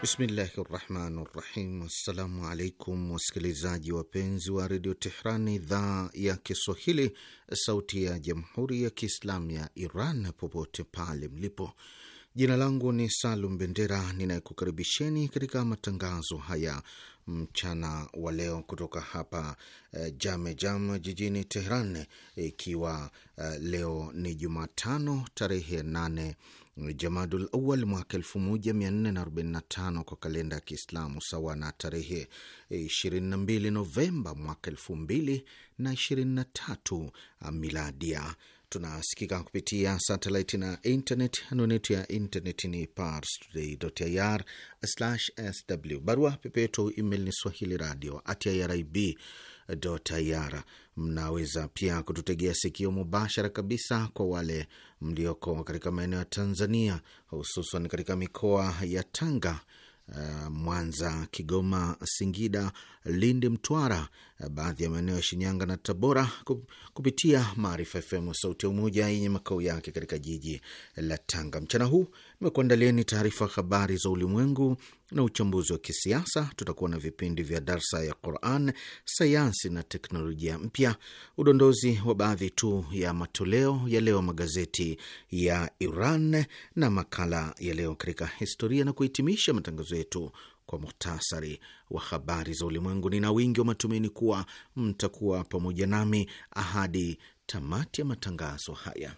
Bismillahi rahmani rahim. Assalamu alaikum wasikilizaji wapenzi wa redio Tehran, idhaa ya Kiswahili, sauti ya jamhuri ya kiislamu ya Iran, popote pale mlipo. Jina langu ni Salum Bendera ninayekukaribisheni katika matangazo haya mchana wa leo kutoka hapa eh, Jame Jam jijini Tehran, ikiwa eh, leo ni Jumatano tarehe nane Jamadul Awal mwaka 1445 kwa kalenda ya Kiislamu, sawa na tarehe 22 Novemba mwaka 2023 miladia. Tunasikika kupitia satellite na internet. Anwani yetu ya internet ni parstoday.ir/sw. Barua pepe yetu email ni swahili radio at irib ir. Mnaweza pia kututegea sikio mubashara kabisa kwa wale mlioko katika maeneo ya Tanzania, hususan katika mikoa ya Tanga, eh, Mwanza, Kigoma, Singida, Lindi, Mtwara baadhi ya maeneo ya Shinyanga na Tabora kupitia Maarifa FM sauti ya Umoja yenye makao yake katika jiji la Tanga. Mchana huu nimekuandalieni taarifa habari za ulimwengu na uchambuzi wa kisiasa. Tutakuwa na vipindi vya darsa ya Quran, sayansi na teknolojia mpya, udondozi wa baadhi tu ya matoleo ya leo magazeti ya Iran na makala ya leo katika historia, na kuhitimisha matangazo yetu kwa muhtasari wa habari za ulimwengu. Nina wingi wa matumaini kuwa mtakuwa pamoja nami ahadi tamati ya matangazo haya.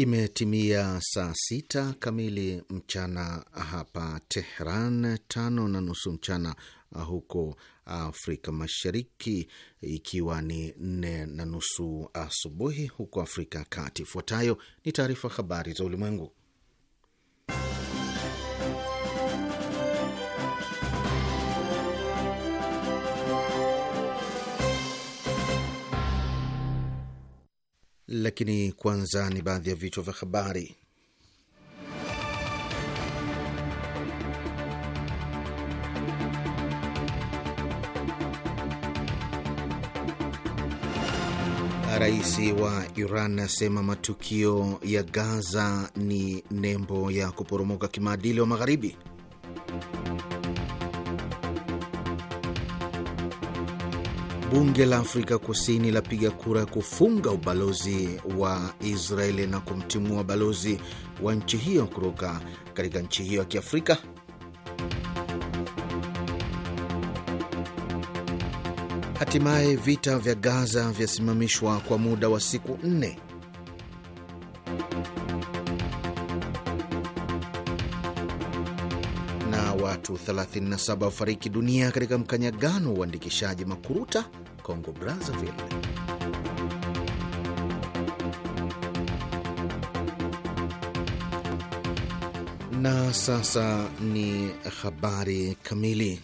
Imetimia saa sita kamili mchana hapa Tehran, tano na nusu mchana huko Afrika Mashariki, ikiwa ni nne na nusu asubuhi huko Afrika Kati. Ifuatayo ni taarifa habari za ulimwengu lakini kwanza ni baadhi ya vichwa vya habari. Rais wa Iran asema matukio ya Gaza ni nembo ya kuporomoka kimaadili wa Magharibi. Bunge la Afrika Kusini lapiga kura ya kufunga ubalozi wa Israeli na kumtimua balozi wa nchi hiyo kutoka katika nchi hiyo ya Kiafrika. Hatimaye vita vya Gaza vyasimamishwa kwa muda wa siku nne. 37 wafariki dunia katika mkanyagano wa uandikishaji makuruta congo Brazzaville. Na sasa ni habari kamili.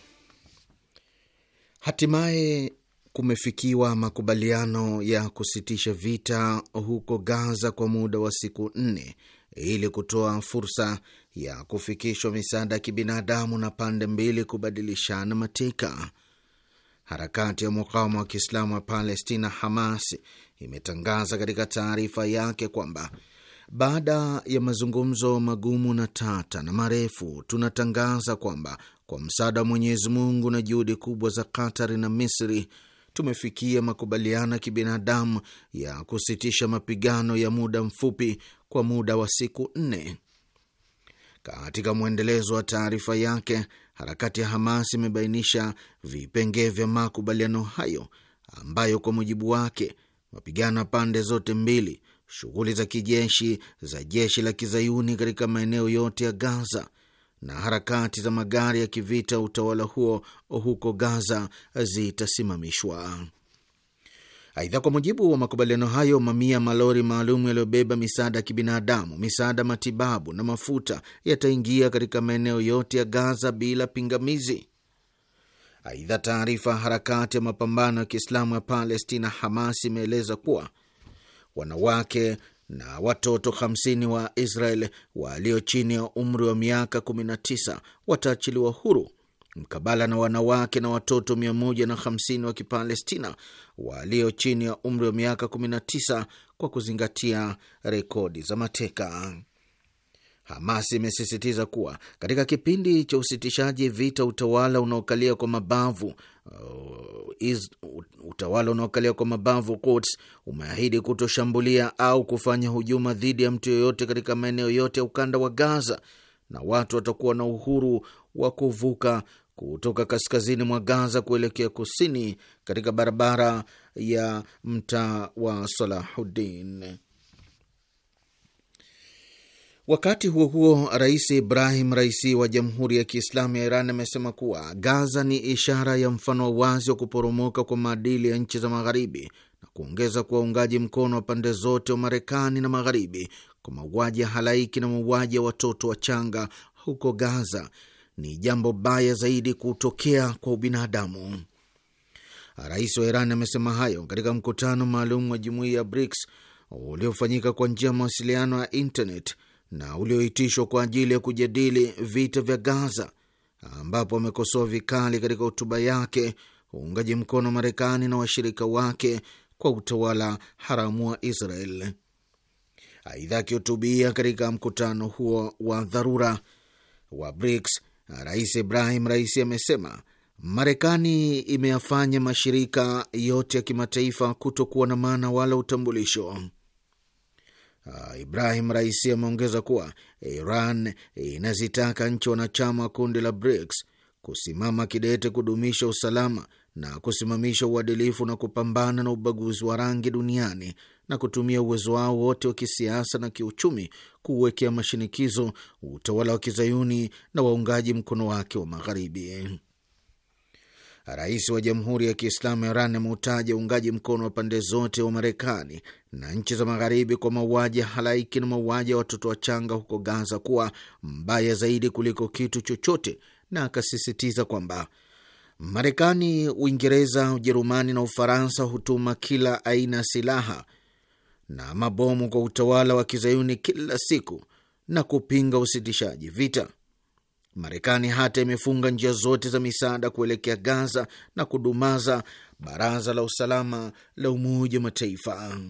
Hatimaye kumefikiwa makubaliano ya kusitisha vita huko Gaza kwa muda wa siku nne ili kutoa fursa ya kufikishwa misaada ya kibinadamu na pande mbili kubadilishana mateka. Harakati ya mukawama wa Kiislamu wa Palestina, Hamas, imetangaza katika taarifa yake kwamba baada ya mazungumzo magumu na tata na marefu, tunatangaza kwamba kwa msaada wa Mwenyezi Mungu na juhudi kubwa za Katari na Misri tumefikia makubaliano ya kibinadamu ya kusitisha mapigano ya muda mfupi kwa muda wa siku nne. Katika mwendelezo wa taarifa yake, harakati ya Hamas imebainisha vipengee vya makubaliano hayo ambayo kwa mujibu wake mapigano ya pande zote mbili, shughuli za kijeshi za jeshi la kizayuni katika maeneo yote ya Gaza na harakati za magari ya kivita utawala huo huko Gaza zitasimamishwa. Aidha, kwa mujibu wa makubaliano hayo, mamia malori maalum yaliyobeba misaada ya kibinadamu, misaada matibabu na mafuta yataingia katika maeneo yote ya Gaza bila pingamizi. Aidha, taarifa ya harakati ya mapambano ya Kiislamu ya Palestina, Hamas, imeeleza kuwa wanawake na watoto 50 wa Israel walio chini ya umri wa miaka 19 wataachiliwa huru mkabala na wanawake na watoto 150 wa Kipalestina walio chini ya umri wa miaka 19 kwa kuzingatia rekodi za mateka. Hamas imesisitiza kuwa katika kipindi cha usitishaji vita, utawala unaokalia kwa mabavu uh, is, utawala unaokalia kwa mabavu Quds umeahidi kutoshambulia au kufanya hujuma dhidi ya mtu yoyote katika maeneo yote ya ukanda wa Gaza, na watu watakuwa na uhuru wa kuvuka kutoka kaskazini mwa Gaza kuelekea kusini katika barabara ya mtaa wa Salahuddin. Wakati huo huo, Rais Ibrahim Raisi wa Jamhuri ya Kiislamu ya Iran amesema kuwa Gaza ni ishara ya mfano wa wazi wa kuporomoka kwa maadili ya nchi za Magharibi na kuongeza kuwa uungaji mkono wa pande zote wa Marekani na Magharibi kwa mauaji ya halaiki na mauaji ya watoto wachanga huko Gaza ni jambo baya zaidi kutokea kwa ubinadamu. Rais wa Iran amesema hayo katika mkutano maalum wa jumuiya ya BRICS uliofanyika kwa njia ya mawasiliano ya internet na ulioitishwa kwa ajili ya kujadili vita vya Gaza, ambapo amekosoa vikali katika hotuba yake uungaji mkono wa Marekani na washirika wake kwa utawala haramu wa Israel. Aidha, akihutubia katika mkutano huo wa dharura wa BRICS, Rais Ibrahim Raisi amesema Marekani imeyafanya mashirika yote ya kimataifa kutokuwa na maana wala utambulisho. Ah, Ibrahim Raisi ameongeza kuwa Iran inazitaka nchi wanachama wa kundi la BRICS kusimama kidete kudumisha usalama na kusimamisha uadilifu na kupambana na ubaguzi wa rangi duniani na kutumia uwezo wao wote wa kisiasa na kiuchumi kuuwekea mashinikizo utawala wa kizayuni na waungaji mkono wake wa magharibi. Rais wa Jamhuri ya Kiislamu Iran ameutaja uungaji mkono wa pande zote wa Marekani na nchi za magharibi kwa mauaji ya halaiki na mauaji ya watoto wachanga huko Gaza kuwa mbaya zaidi kuliko kitu chochote, na akasisitiza kwamba Marekani, Uingereza, Ujerumani na Ufaransa hutuma kila aina silaha na mabomu kwa utawala wa kizayuni kila siku na kupinga usitishaji vita. Marekani hata imefunga njia zote za misaada kuelekea Gaza na kudumaza baraza la usalama la Umoja wa Mataifa.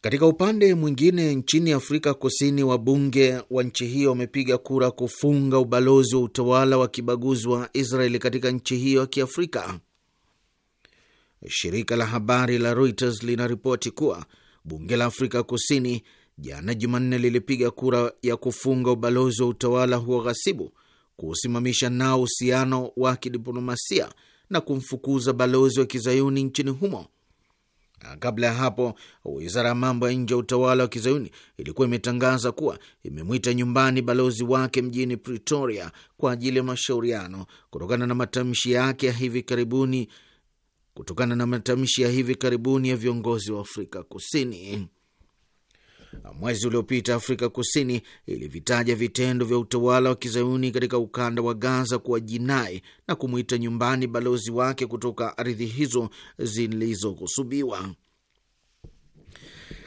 Katika upande mwingine, nchini Afrika Kusini, wabunge wa nchi hiyo wamepiga kura kufunga ubalozi wa utawala wa kibaguzi wa Israeli katika nchi hiyo ya Kiafrika. Shirika la habari la Reuters linaripoti kuwa bunge la Afrika Kusini jana Jumanne lilipiga kura ya kufunga ubalozi wa utawala huo ghasibu, kusimamisha nao uhusiano wa kidiplomasia na kumfukuza balozi wa kizayuni nchini humo. Kabla ya hapo, wizara ya mambo ya nje ya utawala wa kizayuni ilikuwa imetangaza kuwa imemwita nyumbani balozi wake mjini Pretoria kwa ajili ya mashauriano kutokana na matamshi yake ya hivi karibuni kutokana na matamshi ya hivi karibuni ya viongozi wa Afrika Kusini. Mwezi uliopita Afrika Kusini ilivitaja vitendo vya utawala wa kizayuni katika ukanda wa Gaza kuwa jinai na kumwita nyumbani balozi wake kutoka ardhi hizo zilizohusubiwa.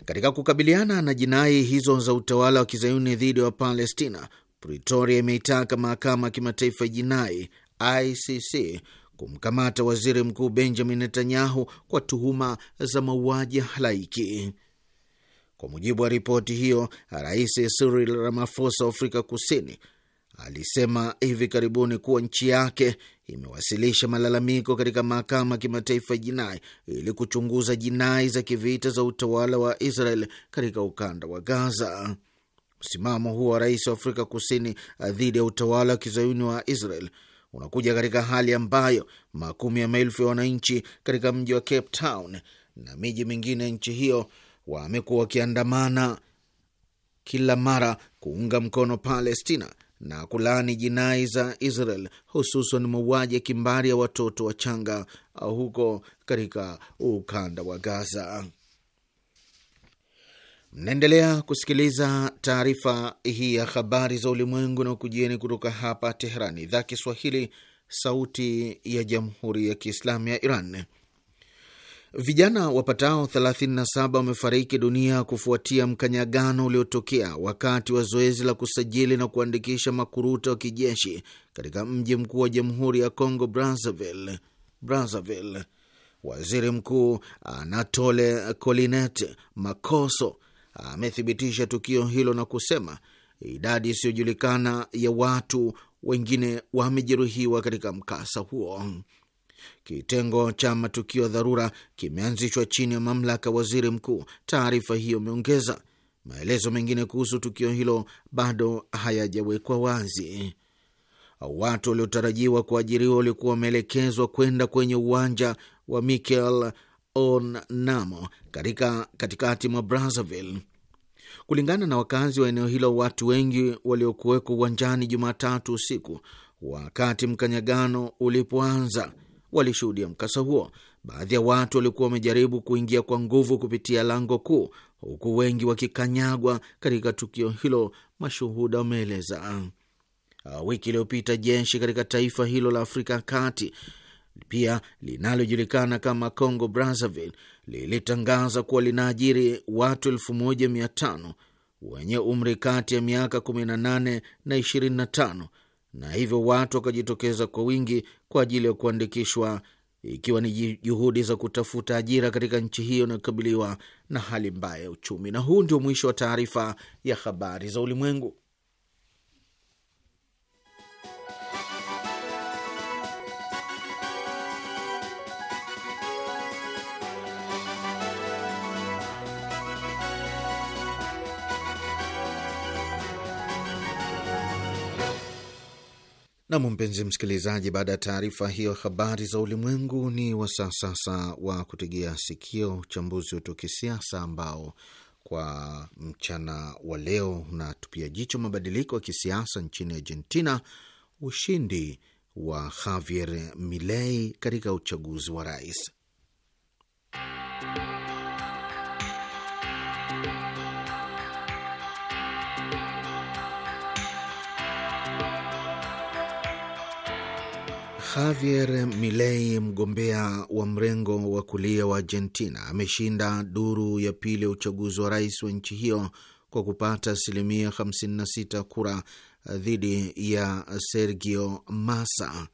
Katika kukabiliana na jinai hizo za utawala wa kizayuni dhidi ya Palestina, Pretoria imeitaka mahakama ya kimataifa ya jinai ICC kumkamata waziri mkuu Benjamin Netanyahu kwa tuhuma za mauaji ya halaiki. Kwa mujibu wa ripoti hiyo, Rais Cyril Ramaphosa wa Afrika Kusini alisema hivi karibuni kuwa nchi yake imewasilisha malalamiko katika mahakama ya kimataifa ya jinai ili kuchunguza jinai za kivita za utawala wa Israel katika ukanda wa Gaza. Msimamo huo wa rais wa Afrika Kusini dhidi ya utawala wa kizayuni wa Israel unakuja katika hali ambayo makumi ya maelfu ya wananchi katika mji wa Cape Town na miji mingine ya nchi hiyo wamekuwa wakiandamana kila mara kuunga mkono Palestina na kulaani jinai za Israel hususan mauaji ya kimbari ya watoto wachanga huko katika ukanda wa Gaza. Mnaendelea kusikiliza taarifa hii ya habari za ulimwengu na ukujieni kutoka hapa Tehran, idhaa Kiswahili, sauti ya jamhuri ya kiislamu ya Iran. Vijana wapatao 37 wamefariki dunia kufuatia mkanyagano uliotokea wakati wa zoezi la kusajili na kuandikisha makuruta wa kijeshi katika mji mkuu wa jamhuri ya Congo, Brazzaville. Brazzaville. Waziri Mkuu Anatole Colinet Makoso amethibitisha tukio hilo na kusema idadi isiyojulikana ya watu wengine wamejeruhiwa katika mkasa huo. Kitengo cha matukio ya dharura kimeanzishwa chini ya mamlaka waziri mkuu, taarifa hiyo imeongeza. Maelezo mengine kuhusu tukio hilo bado hayajawekwa wazi. Watu waliotarajiwa kuajiriwa walikuwa wameelekezwa kwenda kwenye uwanja wa Mikel Onamo katika katikati mwa Brazzaville. Kulingana na wakazi wa eneo hilo, watu wengi waliokuwekwa uwanjani Jumatatu usiku wakati mkanyagano ulipoanza walishuhudia mkasa huo. Baadhi ya watu walikuwa wamejaribu kuingia kwa nguvu kupitia lango kuu, huku wengi wakikanyagwa katika tukio hilo, mashuhuda wameeleza. Uh, wiki iliyopita jeshi katika taifa hilo la Afrika ya Kati pia linalojulikana kama Congo Brazzaville lilitangaza kuwa linaajiri watu 1500 wenye umri kati ya miaka 18 na 25 na hivyo watu wakajitokeza kwa wingi kwa ajili ya kuandikishwa ikiwa ni juhudi za kutafuta ajira katika nchi hiyo inayokabiliwa na hali mbaya ya uchumi. Na huu ndio mwisho wa taarifa ya habari za ulimwengu. Nam, mpenzi msikilizaji, baada ya taarifa hiyo habari za ulimwengu, ni wasaa sasa wa kutegea sikio uchambuzi wetu wa kisiasa ambao kwa mchana wa leo unatupia jicho mabadiliko ya kisiasa nchini Argentina, ushindi wa Javier Milei katika uchaguzi wa rais Javier Milei, mgombea wa mrengo wa kulia wa Argentina, ameshinda duru ya pili ya uchaguzi wa rais wa nchi hiyo kwa kupata asilimia 56 kura dhidi ya Sergio Massa.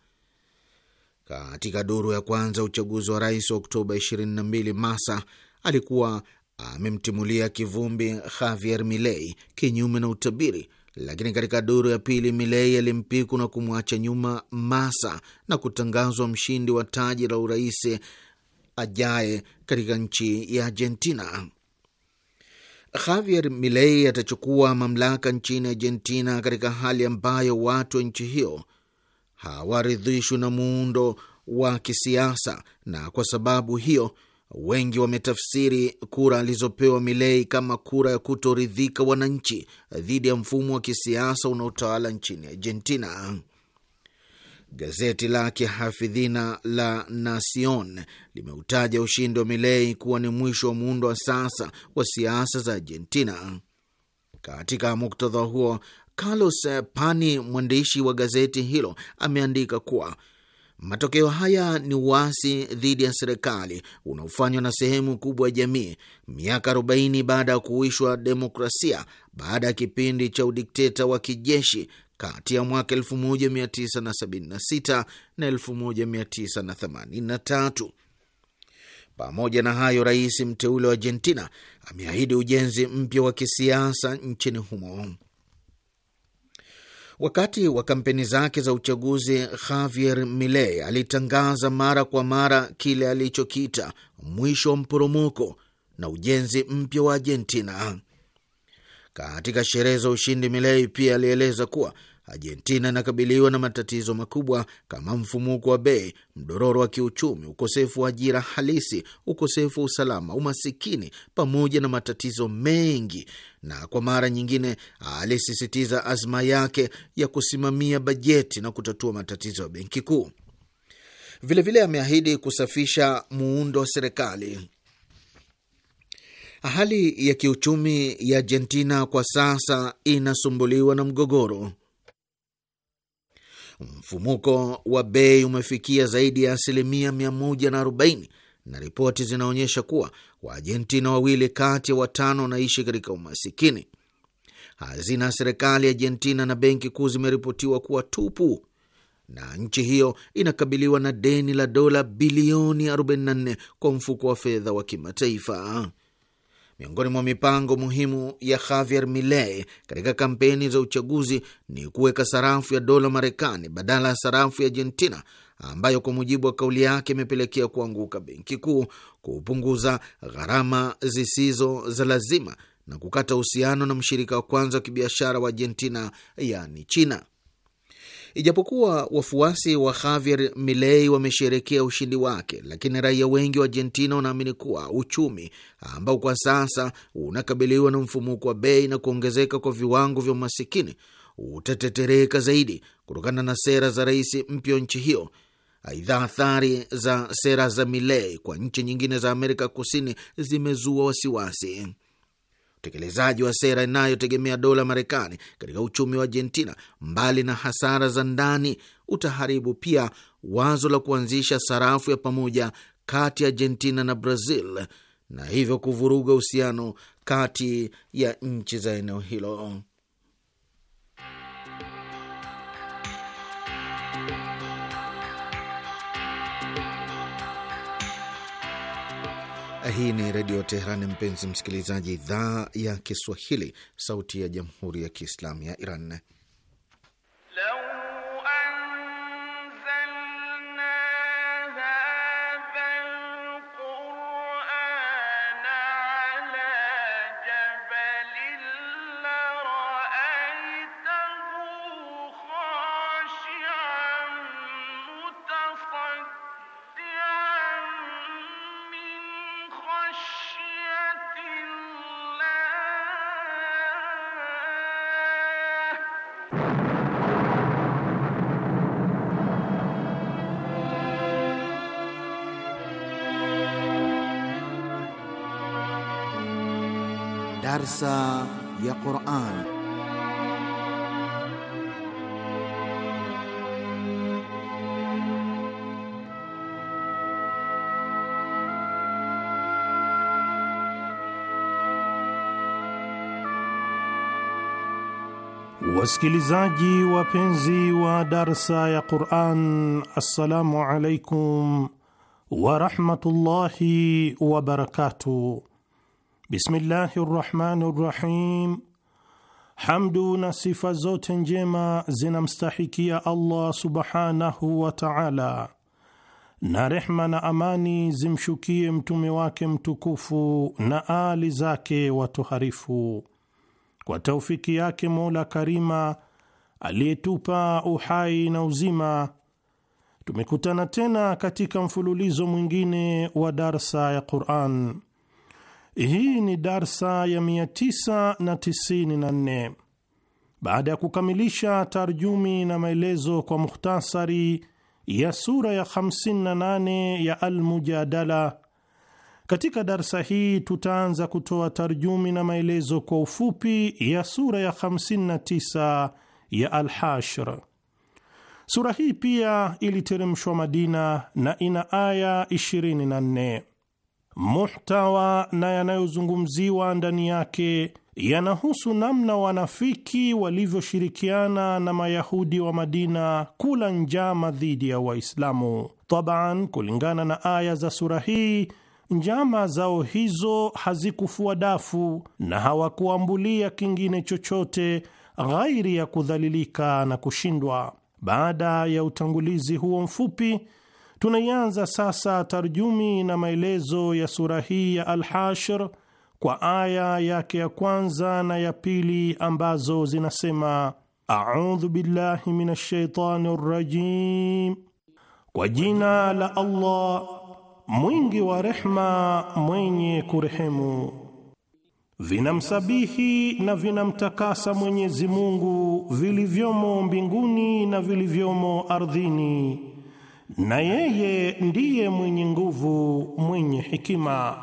Katika duru ya kwanza uchaguzi wa rais wa Oktoba 22, Massa alikuwa amemtimulia kivumbi Javier Milei kinyume na utabiri lakini katika duru ya pili Milei alimpikwa na kumwacha nyuma Masa na kutangazwa mshindi wa taji la urais ajaye katika nchi ya Argentina. Javier Milei atachukua mamlaka nchini Argentina katika hali ambayo watu wa nchi hiyo hawaridhishwi na muundo wa kisiasa, na kwa sababu hiyo Wengi wametafsiri kura alizopewa Milei kama kura ya kutoridhika wananchi dhidi ya mfumo wa kisiasa unaotawala nchini Argentina. Gazeti la kihafidhina la Nacion limeutaja ushindi wa Milei kuwa ni mwisho wa muundo wa sasa wa siasa za Argentina. Katika muktadha huo, Carlos Pani, mwandishi wa gazeti hilo, ameandika kuwa Matokeo haya ni uasi dhidi ya serikali unaofanywa na sehemu kubwa ya jamii miaka 40 baada ya kuishwa demokrasia baada ya kipindi cha udikteta wa kijeshi kati ya mwaka 1976 na 1983. Pamoja na hayo, rais mteule wa Argentina ameahidi ujenzi mpya wa kisiasa nchini humo. Wakati wa kampeni zake za uchaguzi, Javier Milei alitangaza mara kwa mara kile alichokiita mwisho wa mporomoko na ujenzi mpya wa Argentina. Katika sherehe za ushindi, Milei pia alieleza kuwa Argentina inakabiliwa na matatizo makubwa kama mfumuko wa bei, mdororo wa kiuchumi, ukosefu wa ajira halisi, ukosefu wa usalama, umasikini, pamoja na matatizo mengi, na kwa mara nyingine alisisitiza azma yake ya kusimamia bajeti na kutatua matatizo ya benki kuu. Vilevile ameahidi kusafisha muundo wa serikali. Hali ya kiuchumi ya Argentina kwa sasa inasumbuliwa na mgogoro Mfumuko wa bei umefikia zaidi ya asilimia 140 na ripoti zinaonyesha kuwa Waargentina wawili kati ya watano wanaishi katika umasikini. Hazina ya serikali ya Argentina na benki kuu zimeripotiwa kuwa tupu na nchi hiyo inakabiliwa na deni la dola bilioni 44 kwa mfuko wa fedha wa kimataifa. Miongoni mwa mipango muhimu ya Javier Milei katika kampeni za uchaguzi ni kuweka sarafu ya dola Marekani badala ya sarafu ya Argentina ambayo kwa mujibu wa kauli yake imepelekea kuanguka benki kuu, kupunguza gharama zisizo za lazima na kukata uhusiano na mshirika wa kwanza wa kibiashara wa Argentina, yaani China. Ijapokuwa wafuasi wa Javier Milei wamesherekea ushindi wake, lakini raia wengi wa Argentina wanaamini kuwa uchumi ambao kwa sasa unakabiliwa na mfumuko wa bei na kuongezeka kwa viwango vya umasikini utatetereka zaidi kutokana na sera za rais mpya wa nchi hiyo. Aidha, athari za sera za Milei kwa nchi nyingine za Amerika Kusini zimezua wasiwasi utekelezaji wa sera inayotegemea dola Marekani katika uchumi wa Argentina, mbali na hasara za ndani, utaharibu pia wazo la kuanzisha sarafu ya pamoja kati ya Argentina na Brazil na hivyo kuvuruga uhusiano kati ya nchi za eneo hilo. Hii ni Redio Teheran, mpenzi msikilizaji, idhaa ya Kiswahili, sauti ya Jamhuri ya Kiislamu ya Iran. Leo. يا قرآن Wasikilizaji wapenzi wa darsa ya Quran, assalamu alaikum warahmatullahi wabarakatuh. Bismillahi rahmani rahim Hamdu na sifa zote njema zinamstahikia Allah subhanahu wa taala, na rehma na amani zimshukie mtume wake mtukufu na ali zake watoharifu. Kwa taufiki yake mola karima aliyetupa uhai na uzima, tumekutana tena katika mfululizo mwingine wa darsa ya Quran. Hii ni darsa ya 994 baada ya kukamilisha tarjumi na maelezo kwa mukhtasari ya sura ya 58 ya Al-Mujadala. Katika darsa hii tutaanza kutoa tarjumi na maelezo kwa ufupi ya sura ya 59 ya Al-Hashr. Sura hii pia iliteremshwa Madina na ina aya 24 muhtawa na yanayozungumziwa ndani yake yanahusu namna wanafiki walivyoshirikiana na Mayahudi wa Madina kula njama dhidi ya Waislamu. Taban, kulingana na aya za sura hii, njama zao hizo hazikufua dafu na hawakuambulia kingine chochote ghairi ya kudhalilika na kushindwa. Baada ya utangulizi huo mfupi Tunaianza sasa tarjumi na maelezo ya sura hii ya Al-Hashr kwa aya yake ya kwanza na ya pili ambazo zinasema: audhu billahi minash shaitani rajim, kwa jina la Allah mwingi wa rehma mwenye kurehemu. Vinamsabihi na vinamtakasa Mwenyezi Mungu vilivyomo mbinguni na vilivyomo ardhini na yeye ndiye mwenye nguvu, mwenye hikima.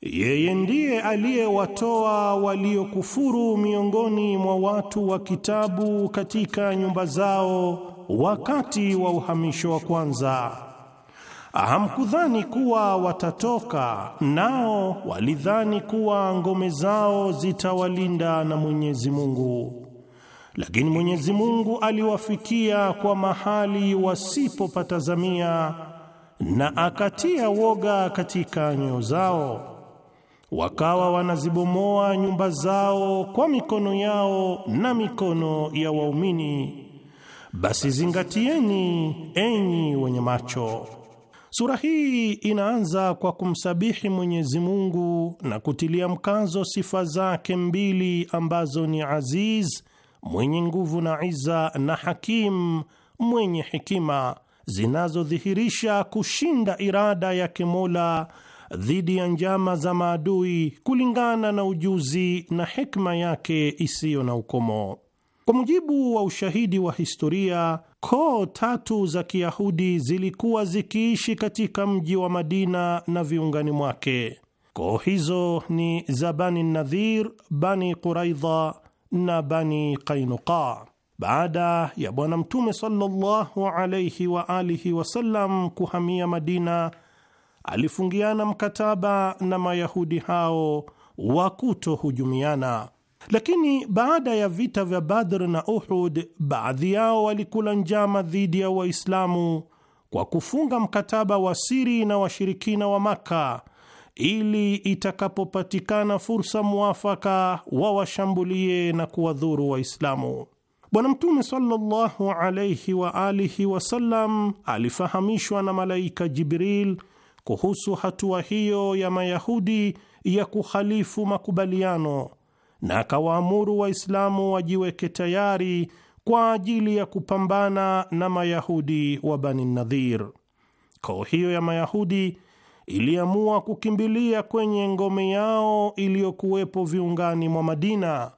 Yeye ndiye aliyewatoa waliokufuru miongoni mwa watu wa kitabu katika nyumba zao wakati wa uhamisho wa kwanza. Hamkudhani kuwa watatoka, nao walidhani kuwa ngome zao zitawalinda na Mwenyezi Mungu lakini Mwenyezi Mungu aliwafikia kwa mahali wasipopatazamia na akatia woga katika nyoyo zao, wakawa wanazibomoa nyumba zao kwa mikono yao na mikono ya waumini. Basi zingatieni, enyi wenye macho. Sura hii inaanza kwa kumsabihi Mwenyezi Mungu na kutilia mkazo sifa zake mbili ambazo ni aziz mwenye nguvu na iza na hakim mwenye hikima zinazodhihirisha kushinda irada ya kimola dhidi ya njama za maadui kulingana na ujuzi na hikma yake isiyo na ukomo. Kwa mujibu wa ushahidi wa historia, koo tatu za Kiyahudi zilikuwa zikiishi katika mji wa Madina na viungani mwake. Koo hizo ni za Bani Nadhir, Bani Quraidha na Bani Qainuqa. Baada ya Bwana Mtume sallallahu alayhi wa alihi wasallam kuhamia Madina, alifungiana mkataba na Mayahudi hao wa kutohujumiana. Lakini baada ya vita vya Badr na Uhud, baadhi yao walikula njama dhidi ya Waislamu kwa kufunga mkataba wa siri na washirikina wa Maka ili itakapopatikana fursa mwafaka wawashambulie na kuwadhuru Waislamu. Bwana Mtume sallallahu wa alihi wasallam alifahamishwa na malaika Jibril kuhusu hatua hiyo ya Mayahudi ya kuhalifu makubaliano na akawaamuru Waislamu wajiweke tayari kwa ajili ya kupambana na Mayahudi wa Bani Nadhir. Koo hiyo ya Mayahudi iliamua kukimbilia kwenye ngome yao iliyokuwepo viungani mwa Madina,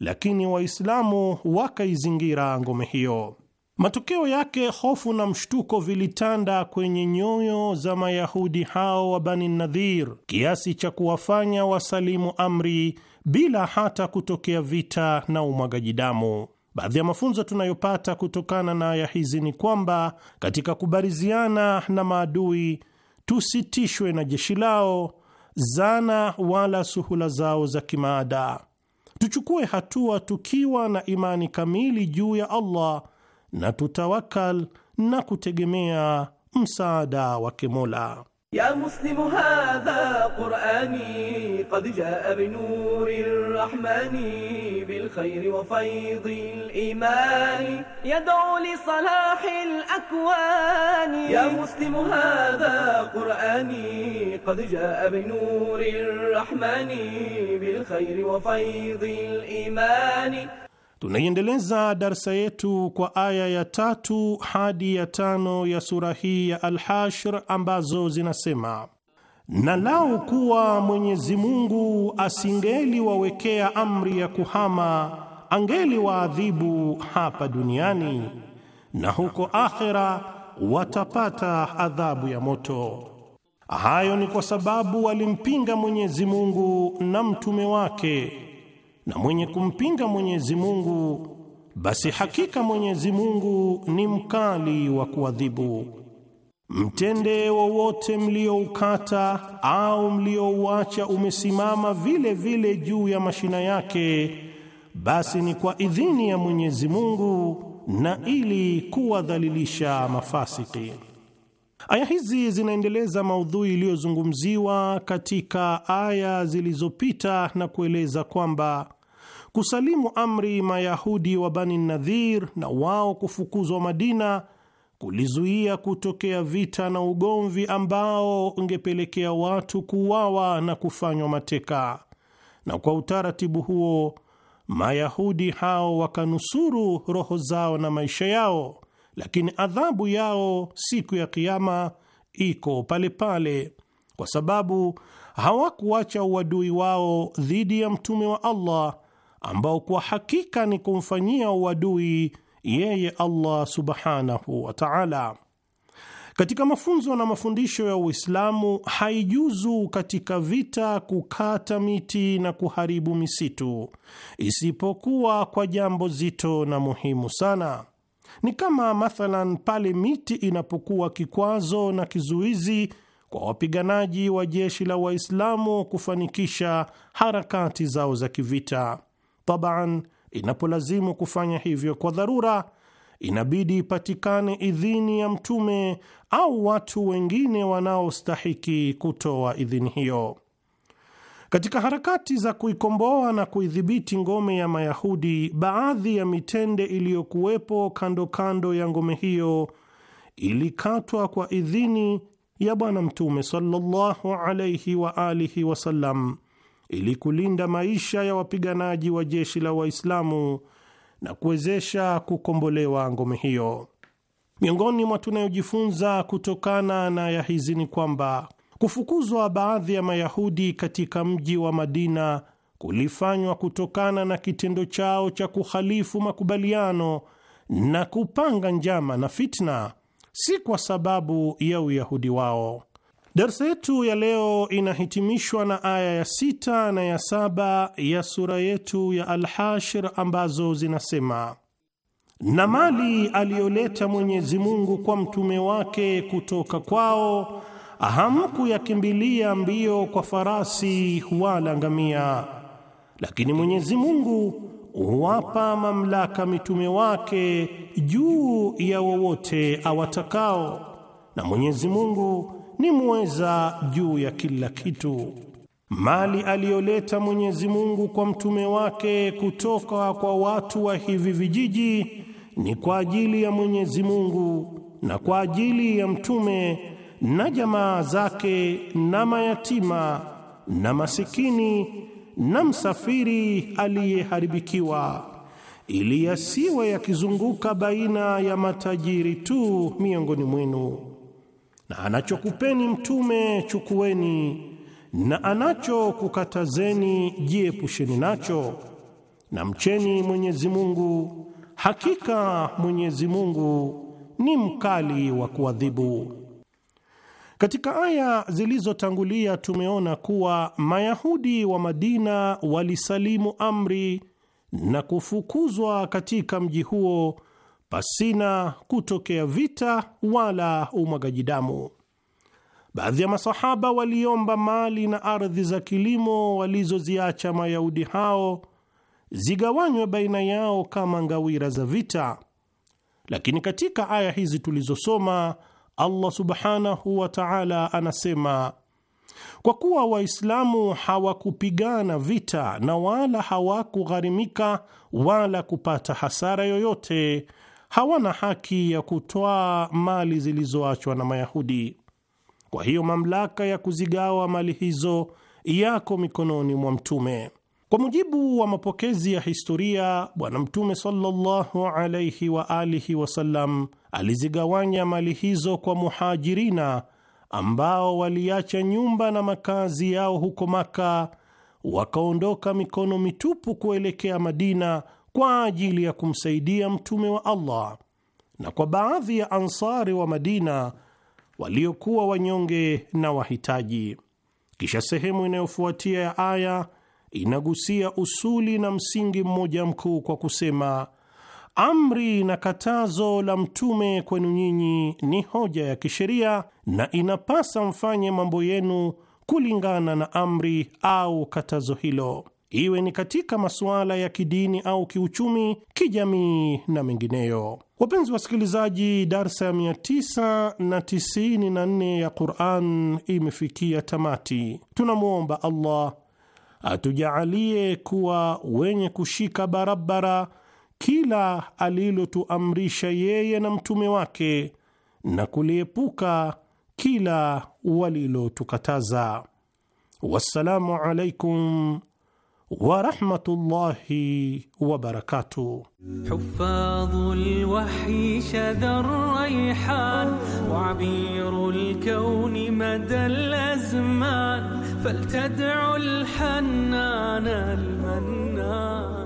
lakini Waislamu wakaizingira ngome hiyo. Matokeo yake hofu na mshtuko vilitanda kwenye nyoyo za Mayahudi hao wa Bani Nadhir kiasi cha kuwafanya wasalimu amri bila hata kutokea vita na umwagaji damu. Baadhi ya mafunzo tunayopata kutokana na aya hizi ni kwamba katika kubariziana na maadui tusitishwe na jeshi lao, zana wala suhula zao za kimaada. Tuchukue hatua tukiwa na imani kamili juu ya Allah na tutawakal na kutegemea msaada wake Mola. يا مسلم هذا قرآني قد جاء بنور الرحمن بالخير وفيض الإيمان يدعو لصلاح الأكوان يا مسلم هذا قرآني قد جاء بنور الرحمن بالخير وفيض الإيمان Tunaiendeleza darsa yetu kwa aya ya tatu hadi ya tano ya sura hii ya Alhashr ambazo zinasema: na lau kuwa Mwenyezi Mungu asingeliwawekea amri ya kuhama, angeliwaadhibu hapa duniani na huko akhera watapata adhabu ya moto. Hayo ni kwa sababu walimpinga Mwenyezi Mungu na mtume wake na mwenye kumpinga Mwenyezi Mungu basi hakika Mwenyezi Mungu ni mkali wa kuadhibu. Mtende wowote mlioukata au mliouacha umesimama vile vile juu ya mashina yake, basi ni kwa idhini ya Mwenyezi Mungu na ili kuwadhalilisha mafasiki. Aya hizi zinaendeleza maudhui iliyozungumziwa katika aya zilizopita na kueleza kwamba Kusalimu amri Mayahudi wa Bani Nadhir na wao kufukuzwa Madina kulizuia kutokea vita na ugomvi ambao ungepelekea watu kuuawa na kufanywa mateka, na kwa utaratibu huo Mayahudi hao wakanusuru roho zao na maisha yao, lakini adhabu yao siku ya Kiama iko pale pale, kwa sababu hawakuacha uadui wao dhidi ya mtume wa Allah ambao kwa hakika ni kumfanyia uadui yeye Allah subhanahu wa ta'ala. Katika mafunzo na mafundisho ya Uislamu, haijuzu katika vita kukata miti na kuharibu misitu, isipokuwa kwa jambo zito na muhimu sana. Ni kama mathalan pale miti inapokuwa kikwazo na kizuizi kwa wapiganaji wa jeshi la Waislamu kufanikisha harakati zao za kivita. Taban, inapolazimu kufanya hivyo kwa dharura, inabidi ipatikane idhini ya mtume au watu wengine wanaostahiki kutoa idhini hiyo. Katika harakati za kuikomboa na kuidhibiti ngome ya Mayahudi, baadhi ya mitende iliyokuwepo kando kando ya ngome hiyo ilikatwa kwa idhini ya Bwana Mtume sallallahu alaihi wa alihi wasallam ili kulinda maisha ya wapiganaji wa jeshi la Waislamu na kuwezesha kukombolewa ngome hiyo. Miongoni mwa tunayojifunza kutokana na aya hizi ni kwamba kufukuzwa baadhi ya Mayahudi katika mji wa Madina kulifanywa kutokana na kitendo chao cha kuhalifu makubaliano na kupanga njama na fitna, si kwa sababu ya Uyahudi wao. Darsa yetu ya leo inahitimishwa na aya ya sita na ya saba ya sura yetu ya Alhashir ambazo zinasema: na mali aliyoleta Mwenyezi Mungu kwa mtume wake kutoka kwao hamkuyakimbilia mbio kwa farasi wala ngamia, lakini Mwenyezi Mungu huwapa mamlaka mitume wake juu ya wowote awatakao, na Mwenyezi Mungu ni mweza juu ya kila kitu. Mali aliyoleta Mwenyezi Mungu kwa mtume wake kutoka kwa watu wa hivi vijiji ni kwa ajili ya Mwenyezi Mungu na kwa ajili ya mtume na jamaa zake na mayatima na masikini na msafiri aliyeharibikiwa, ili yasiwe yakizunguka baina ya matajiri tu miongoni mwenu na anachokupeni mtume chukueni, na anachokukatazeni jiepusheni nacho, na mcheni Mwenyezi Mungu. Hakika Mwenyezi Mungu ni mkali wa kuadhibu. Katika aya zilizotangulia tumeona kuwa Mayahudi wa Madina walisalimu amri na kufukuzwa katika mji huo pasina kutokea vita wala umwagaji damu. Baadhi ya masahaba waliomba mali na ardhi za kilimo walizoziacha Mayahudi hao zigawanywe baina yao kama ngawira za vita, lakini katika aya hizi tulizosoma, Allah subhanahu wa ta'ala anasema kwa kuwa Waislamu hawakupigana vita na wala hawakugharimika wala kupata hasara yoyote, hawana haki ya kutwaa mali zilizoachwa na Mayahudi. Kwa hiyo mamlaka ya kuzigawa mali hizo yako mikononi mwa Mtume. Kwa mujibu wa mapokezi ya historia, Bwana Mtume sallallahu alaihi wa alihi wasallam alizigawanya mali hizo kwa Muhajirina ambao waliacha nyumba na makazi yao huko Maka, wakaondoka mikono mitupu kuelekea Madina kwa ajili ya kumsaidia mtume wa Allah na kwa baadhi ya Ansari wa Madina waliokuwa wanyonge na wahitaji. Kisha sehemu inayofuatia ya aya inagusia usuli na msingi mmoja mkuu kwa kusema, amri na katazo la mtume kwenu nyinyi ni hoja ya kisheria na inapasa mfanye mambo yenu kulingana na amri au katazo hilo iwe ni katika masuala ya kidini au kiuchumi, kijamii na mengineyo. Wapenzi wasikilizaji, darsa ya 994 ya Quran imefikia tamati. Tunamwomba Allah atujaalie kuwa wenye kushika barabara kila alilotuamrisha yeye na mtume wake na kuliepuka kila walilotukataza. Wassalamu alaikum ورحمة الله وبركاته حفاظ الوحي شذا الريحان وعبير الكون مدى الأزمان فلتدعو الحنان المنان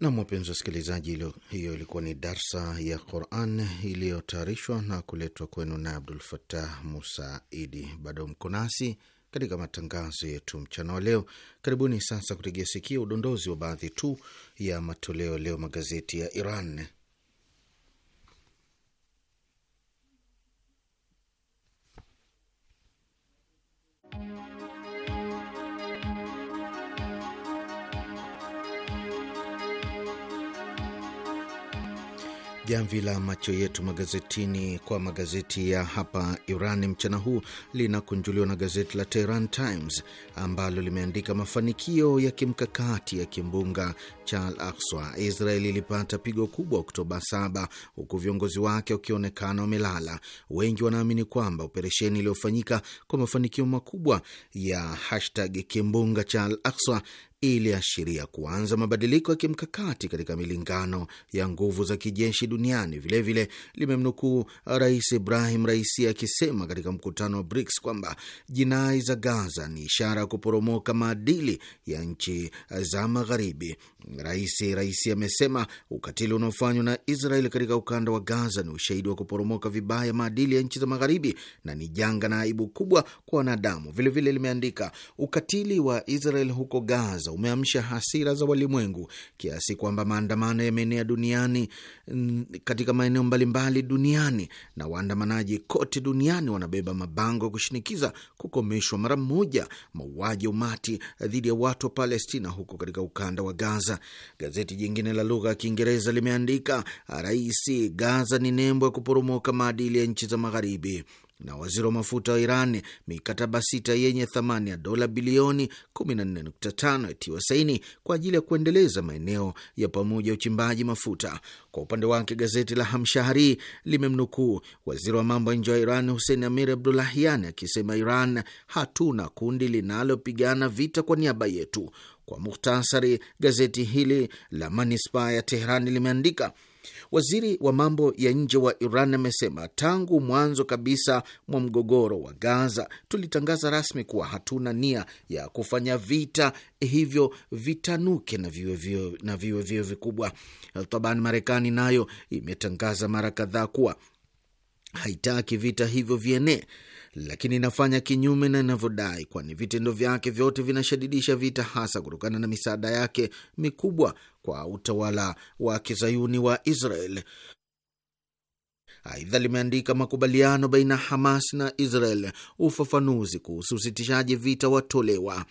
Nam, wapenzi wasikilizaji, hiyo ilikuwa ni darsa ya Quran iliyotayarishwa na kuletwa kwenu na Abdul fatah Musa Idi. Bado mko nasi katika matangazo yetu mchana wa leo. Karibuni sasa kutegea sikia udondozi wa baadhi tu ya matoleo leo magazeti ya Iran. Jamvi la macho yetu magazetini kwa magazeti ya hapa Iran mchana huu linakunjuliwa na gazeti la Tehran Times ambalo limeandika mafanikio ya kimkakati ya kimbunga cha Al Akswa. israel ilipata pigo kubwa Oktoba 7 huku viongozi wake wakionekana wamelala. Wengi wanaamini kwamba operesheni iliyofanyika kwa mafanikio makubwa ya hashtag kimbunga cha Al Akswa iliashiria kuanza mabadiliko ya kimkakati katika milingano ya nguvu za kijeshi duniani. Vilevile limemnukuu Rais Ibrahim Raisi akisema katika mkutano wa BRICS kwamba jinai za Gaza ni ishara ya kuporomoka maadili ya nchi za Magharibi. Rais Raisi amesema ukatili unaofanywa na Israel katika ukanda wa Gaza ni ushahidi wa kuporomoka vibaya maadili ya nchi za Magharibi na ni janga na aibu kubwa kwa wanadamu. Vilevile limeandika ukatili wa Israel huko Gaza umeamsha hasira za walimwengu kiasi kwamba maandamano yameenea duniani mm, katika maeneo mbalimbali duniani, na waandamanaji kote duniani wanabeba mabango ya kushinikiza kukomeshwa mara mmoja mauaji ya umati dhidi ya watu wa Palestina huko katika ukanda wa Gaza. Gazeti jingine la lugha ya Kiingereza limeandika, Rais Gaza ni nembo ya kuporomoka maadili ya nchi za Magharibi na waziri wa mafuta wa Iran, mikataba sita yenye thamani ya dola bilioni 14.5 yatiwa saini kwa ajili ya kuendeleza maeneo ya pamoja ya uchimbaji mafuta. Kwa upande wake, gazeti la Hamshahari limemnukuu waziri wa mambo ya nje wa Iran Hussein Amir Abdulahian akisema, Iran hatuna kundi linalopigana vita kwa niaba yetu. Kwa muhtasari, gazeti hili la manispaa ya Teherani limeandika Waziri wa mambo ya nje wa Iran amesema tangu mwanzo kabisa mwa mgogoro wa Gaza tulitangaza rasmi kuwa hatuna nia ya kufanya vita hivyo vitanuke na viwe vio, na viwe vio vikubwa. Taban Marekani nayo imetangaza mara kadhaa kuwa haitaki vita hivyo vienee lakini inafanya kinyume na inavyodai, kwani vitendo vyake vyote vinashadidisha vita, hasa kutokana na misaada yake mikubwa kwa utawala wa kizayuni wa Israel. Aidha, limeandika makubaliano baina ya Hamas na Israel, ufafanuzi kuhusu usitishaji vita watolewa.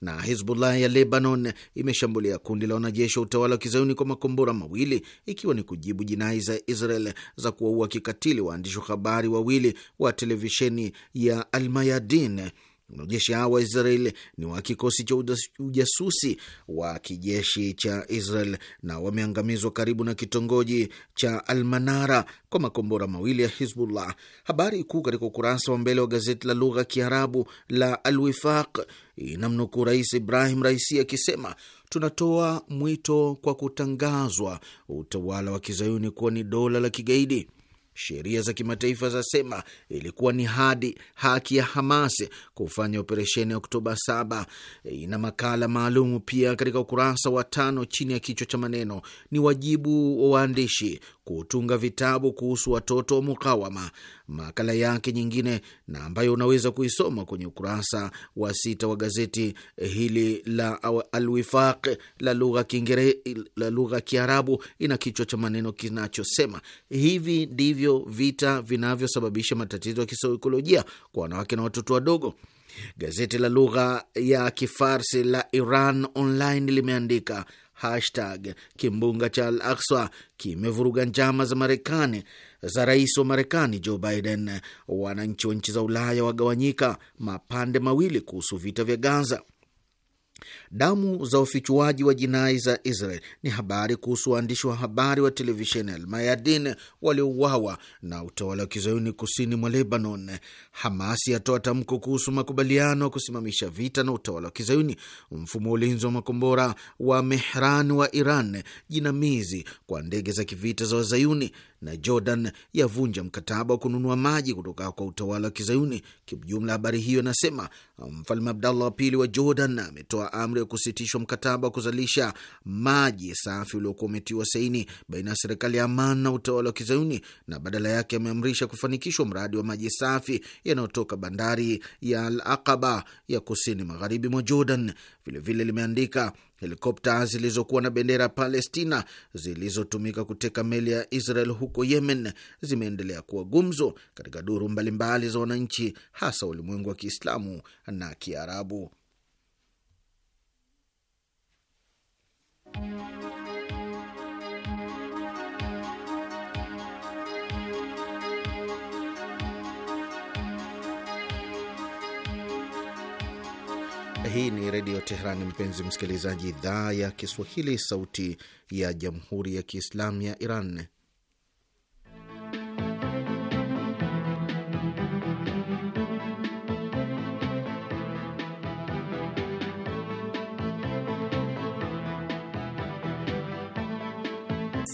Na Hizbullah ya Lebanon imeshambulia kundi la wanajeshi wa utawala wa kizayuni kwa makombora mawili ikiwa ni kujibu jinai za Israel za kuwaua kikatili waandishi wa habari wawili wa televisheni ya Almayadin Wanajeshi hao wa Israel ni wa kikosi cha ujasusi wa kijeshi cha Israel na wameangamizwa karibu na kitongoji cha Almanara kwa makombora mawili ya Hizbullah. Habari kuu katika ukurasa wa mbele wa gazeti la lugha ya Kiarabu la Alwifaq inamnukuu Rais Ibrahim Raisi akisema tunatoa mwito kwa kutangazwa utawala wa kizayuni kuwa ni dola la kigaidi sheria za kimataifa zasema ilikuwa ni hadi haki ya Hamas kufanya operesheni ya Oktoba 7. Ina makala maalum pia katika ukurasa wa tano chini ya kichwa cha maneno ni wajibu wa waandishi kutunga vitabu kuhusu watoto wa mukawama, makala yake nyingine na ambayo unaweza kuisoma kwenye ukurasa wa sita wa gazeti hili la Alwifaq la lugha ya Kiarabu ina kichwa cha maneno kinachosema hivi ndivyo vita vinavyosababisha matatizo ya kisaikolojia kwa wanawake na watoto wadogo. Gazeti la lugha ya Kifarsi la Iran Online limeandika hashtag kimbunga cha Al Akswa kimevuruga njama za Marekani za rais wa Marekani Joe Biden. Wananchi wa nchi za Ulaya wagawanyika mapande mawili kuhusu vita vya Gaza damu za ufichuaji wa jinai za Israel ni habari kuhusu waandishi wa habari wa televisheni Almayadin waliouawa na utawala wa kizayuni kusini mwa Lebanon. Hamasi yatoa tamko kuhusu makubaliano ya kusimamisha vita na utawala wa kizayuni. Mfumo wa ulinzi wa makombora wa Mehran wa Iran jinamizi kwa ndege za kivita za Wazayuni, na Jordan yavunja mkataba wa kununua maji kutoka kwa utawala wa kizayuni. Kijumla, habari hiyo inasema Mfalme Abdallah wa pili wa Jordan ametoa amri ule kusitishwa mkataba wa kuzalisha maji safi uliokuwa umetiwa saini baina ya serikali ya man na utawala wa Kizayuni, na badala yake ameamrisha kufanikishwa mradi wa maji safi yanayotoka bandari ya Al Aqaba ya kusini magharibi mwa Jordan. Vilevile limeandika helikopta zilizokuwa na bendera ya Palestina zilizotumika kuteka meli ya Israel huko Yemen zimeendelea kuwa gumzo katika duru mbalimbali za wananchi, hasa ulimwengu wa Kiislamu na Kiarabu. Hii ni Redio Teherani, mpenzi msikilizaji, idhaa ya Kiswahili, sauti ya Jamhuri ya Kiislamu ya Iran.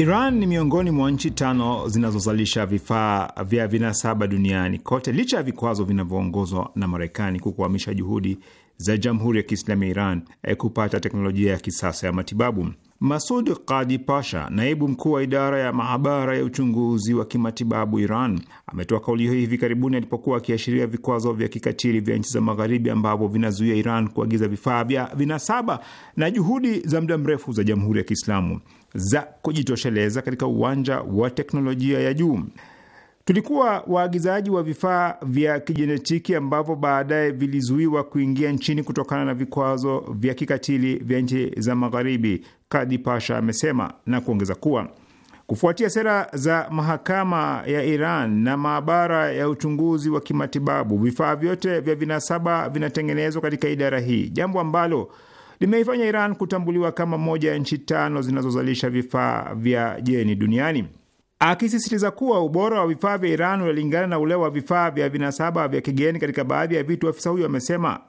Iran ni miongoni mwa nchi tano zinazozalisha vifaa vya vinasaba duniani kote, licha ya vikwazo vinavyoongozwa na Marekani kukwamisha juhudi za Jamhuri ya Kiislamu ya Iran eh, kupata teknolojia ya kisasa ya matibabu. Masud Qadi Pasha, naibu mkuu wa idara ya maabara ya uchunguzi wa kimatibabu Iran, ametoa kauli hiyo hivi karibuni alipokuwa akiashiria vikwazo vya kikatili vya nchi za Magharibi ambavyo vinazuia Iran kuagiza vifaa vya vinasaba na juhudi za muda mrefu za Jamhuri ya Kiislamu za kujitosheleza katika uwanja wa teknolojia ya juu. Tulikuwa waagizaji wa vifaa vya kijenetiki ambavyo baadaye vilizuiwa kuingia nchini kutokana na vikwazo vya kikatili vya nchi za Magharibi. Kadi Pasha amesema na kuongeza kuwa kufuatia sera za mahakama ya Iran na maabara ya uchunguzi wa kimatibabu, vifaa vyote vya vinasaba vinatengenezwa katika idara hii, jambo ambalo limeifanya Iran kutambuliwa kama moja ya nchi tano zinazozalisha vifaa vya jeni duniani, akisisitiza kuwa ubora wa vifaa vya Iran unalingana na ule wa vifaa vya vinasaba vya kigeni katika baadhi ya vitu. Afisa huyo amesema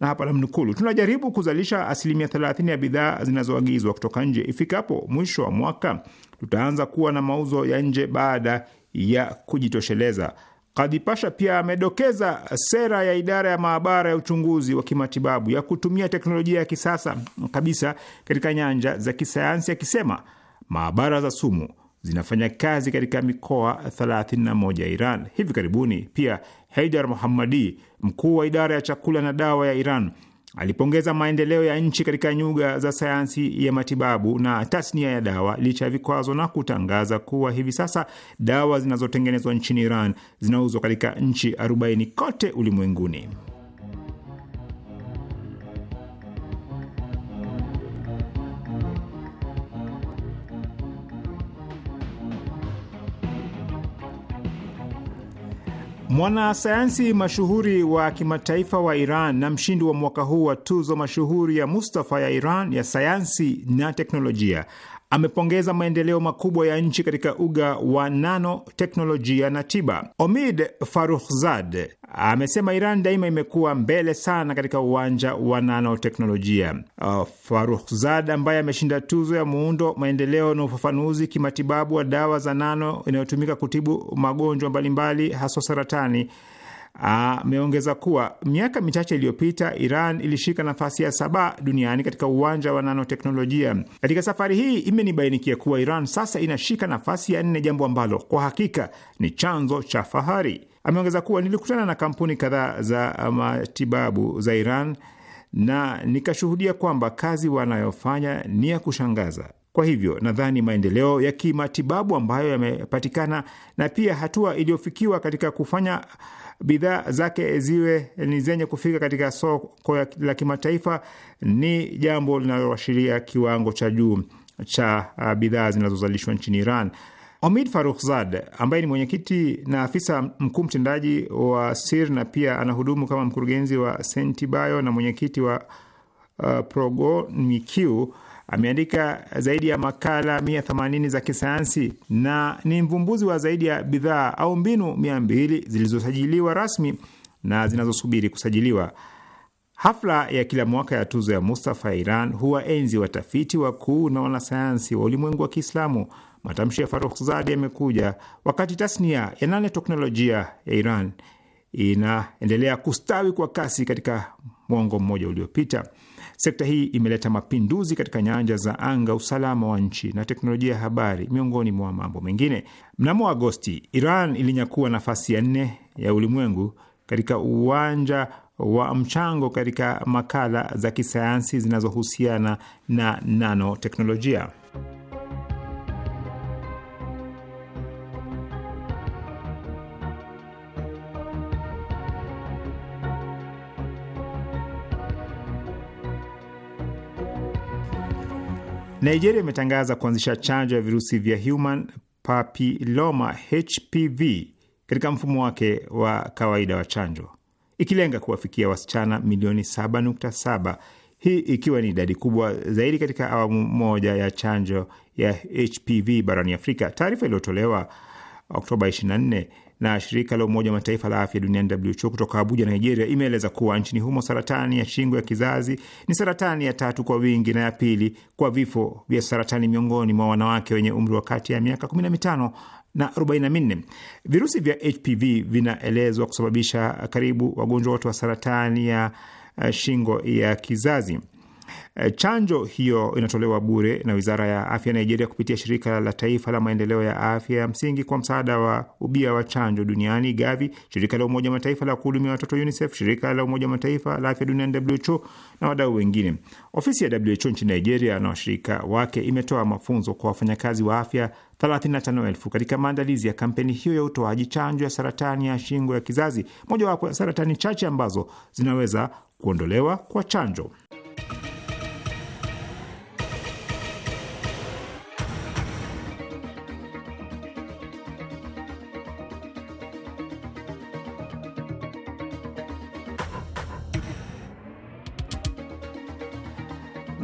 na hapa namnukulu, tunajaribu kuzalisha asilimia 30 ya bidhaa zinazoagizwa kutoka nje. Ifikapo mwisho wa mwaka, tutaanza kuwa na mauzo ya nje baada ya kujitosheleza. Kadipasha pia amedokeza sera ya idara ya maabara ya uchunguzi wa kimatibabu ya kutumia teknolojia ya kisasa kabisa katika nyanja za kisayansi, akisema maabara za sumu zinafanya kazi katika mikoa 31 ya Iran. Hivi karibuni pia Heidar Mohammadi, mkuu wa idara ya chakula na dawa ya Iran, alipongeza maendeleo ya nchi katika nyuga za sayansi ya matibabu na tasnia ya dawa licha ya vikwazo na kutangaza kuwa hivi sasa dawa zinazotengenezwa nchini Iran zinauzwa katika nchi 40 kote ulimwenguni. Mwanasayansi mashuhuri wa kimataifa wa Iran na mshindi wa mwaka huu wa tuzo mashuhuri ya Mustafa ya Iran ya sayansi na teknolojia amepongeza maendeleo makubwa ya nchi katika uga wa nano teknolojia na tiba. Omid Farukhzad amesema Iran daima imekuwa mbele sana katika uwanja wa nanoteknolojia. Uh, Faruhzad ambaye ameshinda tuzo ya muundo, maendeleo na ufafanuzi kimatibabu wa dawa za nano inayotumika kutibu magonjwa mbalimbali haswa saratani ameongeza kuwa miaka michache iliyopita Iran ilishika nafasi ya saba duniani katika uwanja wa nanoteknolojia. Katika safari hii imenibainikia kuwa Iran sasa inashika nafasi ya nne, jambo ambalo kwa hakika ni chanzo cha fahari. Ameongeza kuwa nilikutana na kampuni kadhaa za matibabu za Iran na nikashuhudia kwamba kazi wanayofanya ni ya kushangaza. Kwa hivyo nadhani maendeleo ya kimatibabu ambayo yamepatikana na pia hatua iliyofikiwa katika kufanya bidhaa zake ziwe ni zenye kufika katika soko la kimataifa ni jambo linaloashiria kiwango cha juu cha uh, bidhaa zinazozalishwa nchini Iran. Omid Farukhzad ambaye ni mwenyekiti na afisa mkuu mtendaji wa SIR na pia anahudumu kama mkurugenzi wa Sentibayo na mwenyekiti wa uh, Progoniq Ameandika zaidi ya makala 180 za kisayansi na ni mvumbuzi wa zaidi ya bidhaa au mbinu 200 zilizosajiliwa rasmi na zinazosubiri kusajiliwa. Hafla ya kila mwaka ya tuzo ya Mustafa Iran huwa enzi watafiti wakuu na wanasayansi wa ulimwengu wa Kiislamu. Matamshi ya Farukhzadi yamekuja wakati tasnia ya nane teknolojia ya Iran inaendelea kustawi kwa kasi katika mwongo mmoja uliopita. Sekta hii imeleta mapinduzi katika nyanja za anga, usalama wa nchi na teknolojia ya habari, miongoni mwa mambo mengine. Mnamo Agosti, Iran ilinyakua nafasi ya nne ya ulimwengu katika uwanja wa mchango katika makala za kisayansi zinazohusiana na nanoteknolojia. Nigeria imetangaza kuanzisha chanjo ya virusi vya human papiloma HPV katika mfumo wake wa kawaida wa chanjo ikilenga kuwafikia wasichana milioni 7.7, hii ikiwa ni idadi kubwa zaidi katika awamu moja ya chanjo ya HPV barani Afrika. Taarifa iliyotolewa Oktoba 24 na shirika la Umoja wa Mataifa la afya duniani WHO kutoka Abuja, Nigeria, imeeleza kuwa nchini humo saratani ya shingo ya kizazi ni saratani ya tatu kwa wingi na ya pili kwa vifo vya saratani miongoni mwa wanawake wenye umri wa kati ya miaka 15 na 44. Virusi vya HPV vinaelezwa kusababisha karibu wagonjwa wote wa saratani ya eh, shingo ya kizazi. Eh, chanjo hiyo inatolewa bure na wizara ya afya Nigeria kupitia shirika la taifa la maendeleo ya afya ya msingi kwa msaada wa ubia wa chanjo duniani Gavi, shirika la Umoja Mataifa la kuhudumia watoto UNICEF, shirika la Umoja Mataifa la afya duniani WHO na wadau wengine. Ofisi ya WHO nchini Nigeria na washirika wake imetoa mafunzo kwa wafanyakazi wa afya 35,000 katika maandalizi ya kampeni hiyo ya utoaji chanjo ya saratani ya shingo ya kizazi, mojawapo ya saratani chache ambazo zinaweza kuondolewa kwa chanjo.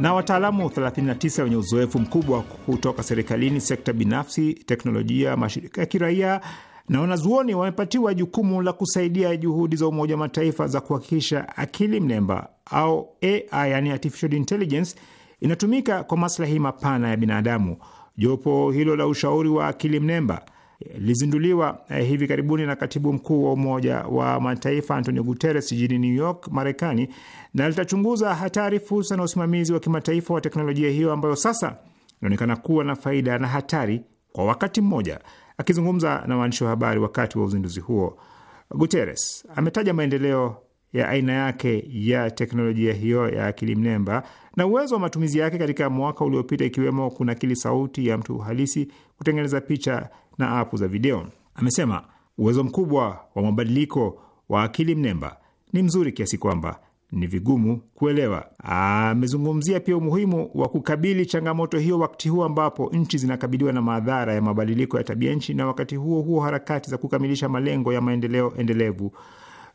na wataalamu 39 wenye uzoefu mkubwa kutoka serikalini, sekta binafsi, teknolojia, mashirika ya kiraia na wanazuoni wamepatiwa jukumu la kusaidia juhudi za Umoja wa Mataifa za kuhakikisha akili mnemba au AI, yani artificial intelligence, inatumika kwa maslahi mapana ya binadamu. Jopo hilo la ushauri wa akili mnemba eh, hivi karibuni na katibu mkuu wa Umoja wa Mataifa Antonio Guterres jijini New York, Marekani, na litachunguza hatari, fursa na usimamizi wa kimataifa wa teknolojia hiyo ambayo sasa inaonekana kuwa na faida na hatari kwa wakati mmoja. Akizungumza na waandishi wa habari wakati wa uzinduzi huo, Guterres ametaja maendeleo ya aina yake ya teknolojia hiyo ya akili mnemba na uwezo wa matumizi yake katika mwaka uliopita, ikiwemo kunakili sauti ya mtu halisi, kutengeneza picha na apu za video. Amesema uwezo mkubwa wa mabadiliko wa akili mnemba ni mzuri kiasi kwamba ni vigumu kuelewa. Amezungumzia pia umuhimu wa kukabili changamoto hiyo wakati huu ambapo nchi zinakabiliwa na madhara ya mabadiliko ya tabia nchi, na wakati huo huo harakati za kukamilisha malengo ya maendeleo endelevu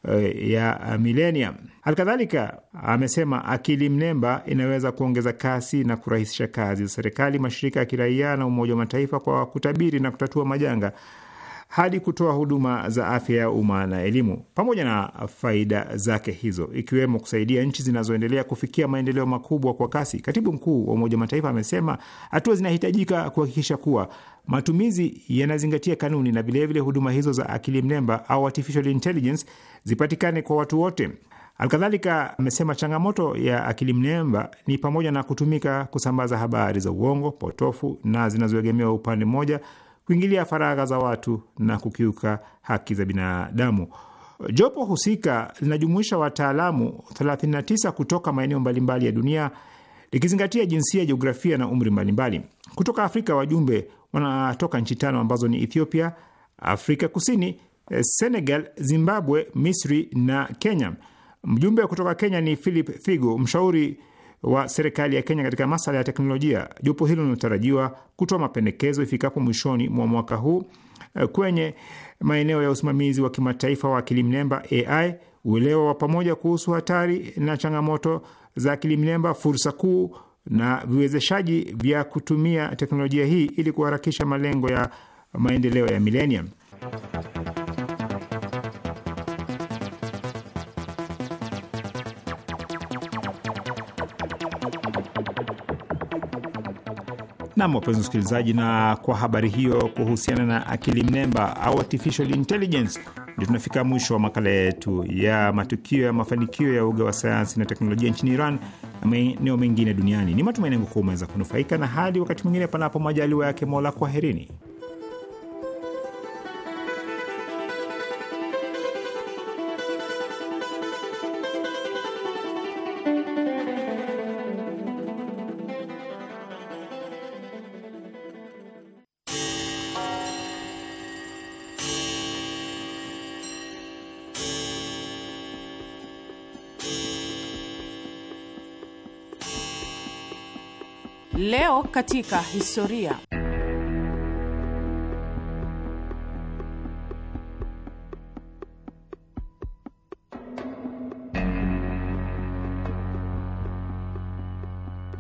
Eh, ya milenium. Halikadhalika amesema akili mnemba inaweza kuongeza kasi na kurahisisha kazi za serikali, mashirika ya kiraia na Umoja wa Mataifa kwa kutabiri na kutatua majanga hadi kutoa huduma za afya ya umma na elimu. Pamoja na faida zake hizo, ikiwemo kusaidia nchi zinazoendelea kufikia maendeleo makubwa kwa kasi, katibu mkuu wa Umoja Mataifa amesema hatua zinahitajika kuhakikisha kuwa matumizi yanazingatia kanuni na vilevile huduma hizo za akili mnemba au artificial intelligence zipatikane kwa watu wote. Alkadhalika amesema changamoto ya akili mnemba ni pamoja na kutumika kusambaza habari za uongo, potofu na zinazoegemea upande mmoja kuingilia faragha za watu na kukiuka haki za binadamu. Jopo husika linajumuisha wataalamu 39 kutoka maeneo mbalimbali ya dunia likizingatia jinsia, jiografia na umri mbalimbali. Kutoka Afrika wajumbe wanatoka nchi tano ambazo ni Ethiopia, Afrika Kusini, Senegal, Zimbabwe, Misri na Kenya. Mjumbe kutoka Kenya ni Philip Thigo, mshauri wa serikali ya Kenya katika masala ya teknolojia. Jopo hilo linatarajiwa kutoa mapendekezo ifikapo mwishoni mwa mwaka huu eh, kwenye maeneo ya usimamizi wa kimataifa wa akili mnemba AI, uelewa wa pamoja kuhusu hatari na changamoto za akili mnemba, fursa kuu na viwezeshaji vya kutumia teknolojia hii ili kuharakisha malengo ya maendeleo ya milenium. Nam, wapenzi msikilizaji, na kwa habari hiyo kuhusiana na akili mnemba au artificial intelligence, ndio tunafika mwisho wa makala yetu ya matukio ya mafanikio ya uga wa sayansi na teknolojia nchini Iran na maeneo mengine duniani. Ni matumaini yangu kuwa umeweza kunufaika, na hadi wakati mwingine, panapo majaliwa yake Mola, kwaherini. Leo katika historia.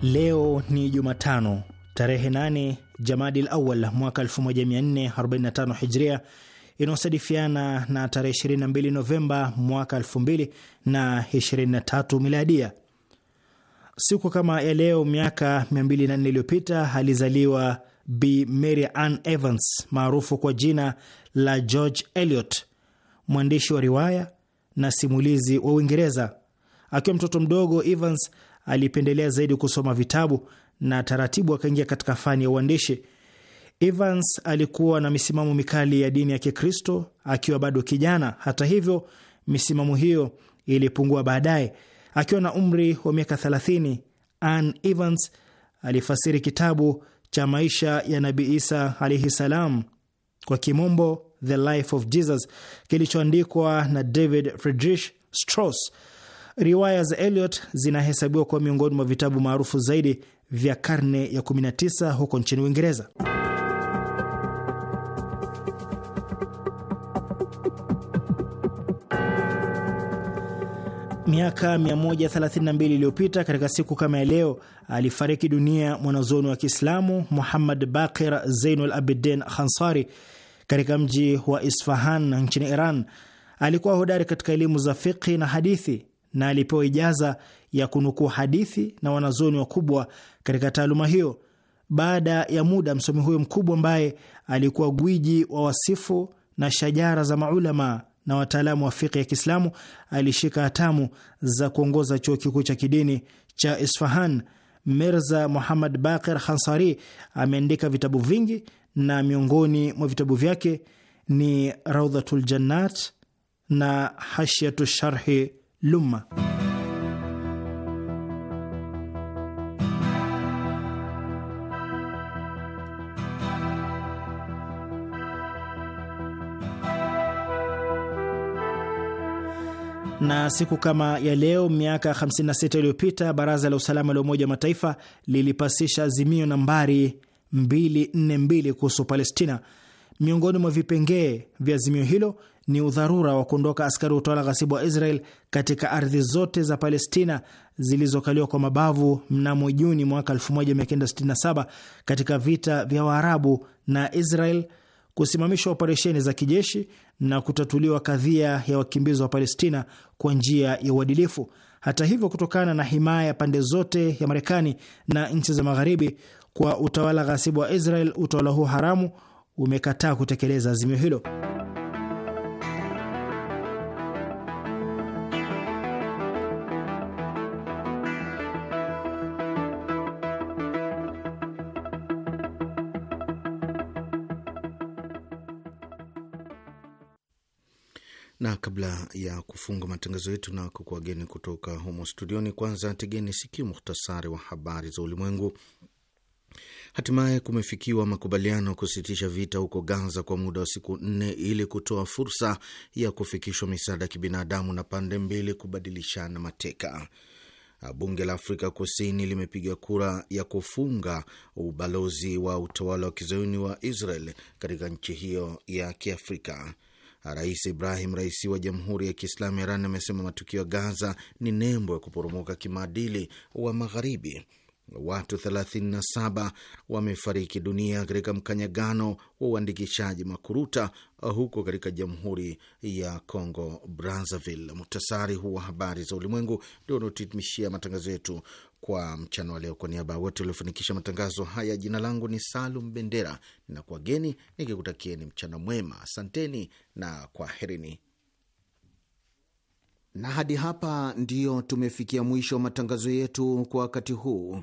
Leo ni Jumatano tarehe 8 Jamadil Awal mwaka 1445 Hijria inayosadifiana na tarehe 22 Novemba mwaka 2023 Miladia. Siku kama ya leo miaka 204 iliyopita alizaliwa Bi Mary Ann Evans maarufu kwa jina la George Eliot, mwandishi wa riwaya na simulizi wa Uingereza. Akiwa mtoto mdogo, Evans alipendelea zaidi kusoma vitabu na taratibu akaingia katika fani ya uandishi. Evans alikuwa na misimamo mikali ya dini ya Kikristo akiwa bado kijana. Hata hivyo, misimamo hiyo ilipungua baadaye Akiwa na umri wa miaka 30, ann Evans alifasiri kitabu cha maisha ya Nabii Isa alaihi salam, kwa kimombo The Life of Jesus, kilichoandikwa na David Friedrich Strauss. Riwaya za Eliot zinahesabiwa kuwa miongoni mwa vitabu maarufu zaidi vya karne ya 19 huko nchini Uingereza. miaka 132 iliyopita katika siku kama ya leo alifariki dunia mwanazoni wa Kiislamu Muhammad Baqir Zainul Abidin Khansari katika mji wa Isfahan nchini Iran. Alikuwa hodari katika elimu za fiqhi na hadithi na alipewa ijaza ya kunukuu hadithi na wanazoni wakubwa katika taaluma hiyo. Baada ya muda, msomi huyo mkubwa ambaye alikuwa gwiji wa wasifu na shajara za maulama na wataalamu wa fiqhi ya Kiislamu, alishika hatamu za kuongoza chuo kikuu cha kidini cha Isfahan. Mirza Muhammad Baqir Khansari ameandika vitabu vingi na miongoni mwa vitabu vyake ni Raudhatul Jannat na Hashyatu Sharhi Lumma. Na siku kama ya leo miaka 56 iliyopita baraza la usalama la Umoja wa Mataifa lilipasisha azimio nambari 242 kuhusu Palestina. Miongoni mwa vipengee vya azimio hilo ni udharura wa kuondoka askari wa utawala ghasibu wa Israel katika ardhi zote za Palestina zilizokaliwa kwa mabavu mnamo Juni mwaka 1967 katika vita vya Waarabu na Israel kusimamishwa operesheni za kijeshi na kutatuliwa kadhia ya wakimbizi wa Palestina kwa njia ya uadilifu. Hata hivyo, kutokana na himaya ya pande zote ya Marekani na nchi za Magharibi kwa utawala ghasibu wa Israel, utawala huo haramu umekataa kutekeleza azimio hilo. kabla ya kufunga matangazo yetu na kukuageni kutoka humo studioni, kwanza tegeni sikio muhtasari wa habari za ulimwengu. Hatimaye kumefikiwa makubaliano kusitisha vita huko Gaza kwa muda wa siku nne ili kutoa fursa ya kufikishwa misaada ya kibinadamu na pande mbili kubadilishana mateka. Bunge la Afrika Kusini limepiga kura ya kufunga ubalozi wa utawala wa kizayuni wa Israel katika nchi hiyo ya Kiafrika. Rais Ibrahim Raisi wa Jamhuri ya Kiislamu ya Iran amesema matukio ya Gaza ni nembo ya kuporomoka kimaadili wa Magharibi. Watu 37 wamefariki dunia katika mkanyagano wa uandikishaji makuruta huko katika Jamhuri ya congo Brazzaville. Muhtasari huu wa habari za ulimwengu ndio unaotuhitimishia matangazo yetu kwa mchana wa leo. Kwa niaba ya wote waliofanikisha matangazo haya, jina langu ni Salum Bendera, ninakuwageni nikikutakieni mchana mwema. Asanteni na kwaherini. Na hadi hapa ndiyo tumefikia mwisho wa matangazo yetu kwa wakati huu.